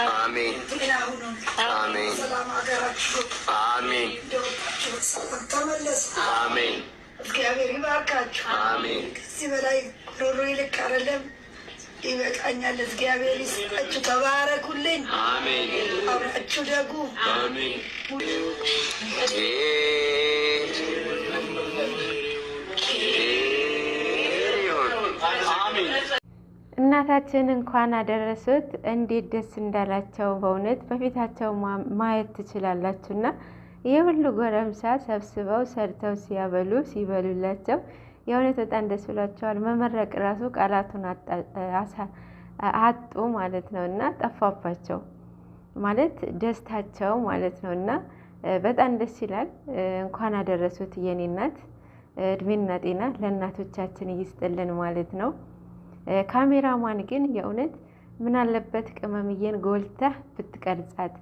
አሜን አሜን እግዚአብሔር ይባርካችሁ። ከዚህ በላይ ሮሮ ይልቅ አይደለም። ይበቃኛል። እግዚአብሔር ይስጣችሁ። ተባረኩልኝ። አሜን። አብራችሁ ደጉ። አሜን። እናታችን እንኳን አደረሱት። እንዴት ደስ እንዳላቸው በእውነት በፊታቸው ማየት ትችላላችሁና የሁሉ ጎረምሳ ሰብስበው ሰርተው ሲያበሉ ሲበሉላቸው የእውነት በጣም ደስ ብሏቸዋል። መመረቅ ራሱ ቃላቱን አጡ ማለት ነው እና ጠፋባቸው ማለት ደስታቸው ማለት ነው እና በጣም ደስ ይላል። እንኳን አደረሱት የኔ እናት እድሜና ጤና ለእናቶቻችን እይስጥልን ማለት ነው። ካሜራማን ግን የእውነት ምን አለበት ቅመምዬን ጎልተህ ብትቀርጻት፣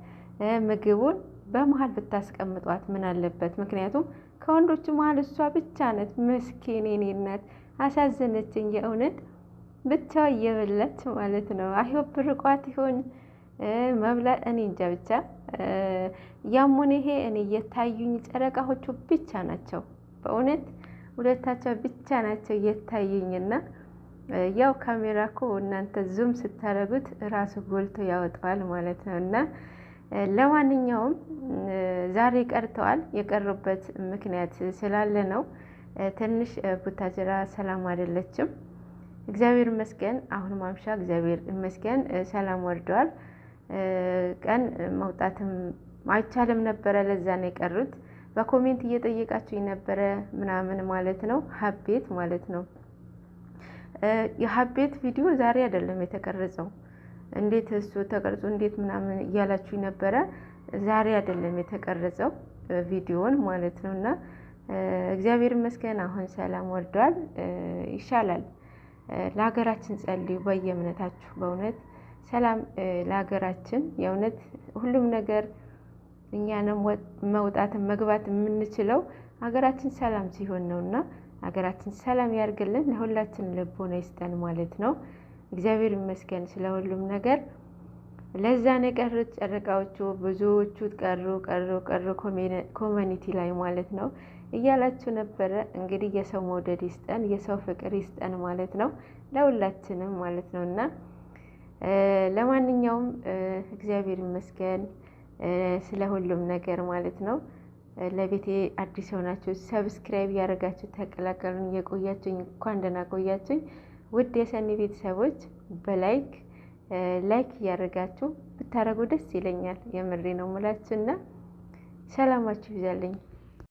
ምግቡን በመሀል ብታስቀምጧት ምን አለበት? ምክንያቱም ከወንዶቹ መሀል እሷ ብቻ ነት። ምስኪን የኔ እናት አሳዘነችኝ። የእውነት ብቻ እየበላች ማለት ነው። አይሆን ብርቋት ይሆን መብላት እኔ እንጃ። ብቻ ያሙን ይሄ እኔ የታዩኝ ጨረቃዎቹ ብቻ ናቸው። በእውነት ሁለታቸው ብቻ ናቸው የታዩኝና ያው ካሜራ እኮ እናንተ ዙም ስታደርጉት ራሱ ጎልቶ ያወጣዋል ማለት ነው። እና ለማንኛውም ዛሬ ቀርተዋል። የቀሩበት ምክንያት ስላለ ነው። ትንሽ ቡታጅራ ሰላም አይደለችም። እግዚአብሔር ይመስገን አሁን ማምሻ እግዚአብሔር ይመስገን ሰላም ወርደዋል። ቀን መውጣትም አይቻልም ነበረ። ለዛ ነው የቀሩት። በኮሜንት እየጠየቃችሁ ነበረ ምናምን ማለት ነው ሀቤት ማለት ነው የሀቤት ቪዲዮ ዛሬ አይደለም የተቀረጸው። እንዴት እሱ ተቀርጾ እንዴት ምናምን እያላችሁ ነበረ። ዛሬ አይደለም የተቀረጸው ቪዲዮን ማለት ነው። እና እግዚአብሔር ይመስገን አሁን ሰላም ወርዷል፣ ይሻላል። ለሀገራችን ጸልዩ በየእምነታችሁ። በእውነት ሰላም ለሀገራችን። የእውነት ሁሉም ነገር እኛንም መውጣትን መግባት የምንችለው ሀገራችን ሰላም ሲሆን ነው እና ሀገራችን ሰላም ያርግልን፣ ለሁላችን ልቦና ይስጠን ማለት ነው። እግዚአብሔር ይመስገን ስለ ሁሉም ነገር። ለዛ ነው የቀሩት ጨረቃዎቹ ብዙዎቹ ቀሩ ቀሩ ቀሩ ኮሚኒቲ ላይ ማለት ነው እያላችሁ ነበረ። እንግዲህ የሰው መውደድ ይስጠን፣ የሰው ፍቅር ይስጠን ማለት ነው ለሁላችንም ማለት ነው። እና ለማንኛውም እግዚአብሔር ይመስገን ስለ ሁሉም ነገር ማለት ነው። ለቤቴ አዲስ የሆናችሁ ሰብስክራይብ ያደረጋችሁ ተቀላቀሉን። የቆያችሁኝ እንኳን ደህና ቆያችሁኝ። ውድ የሰኒ ቤተሰቦች በላይክ ላይክ እያደረጋችሁ ብታደረጉ ደስ ይለኛል። የምሬ ነው ምላችሁና ሰላማችሁ ይዛለኝ።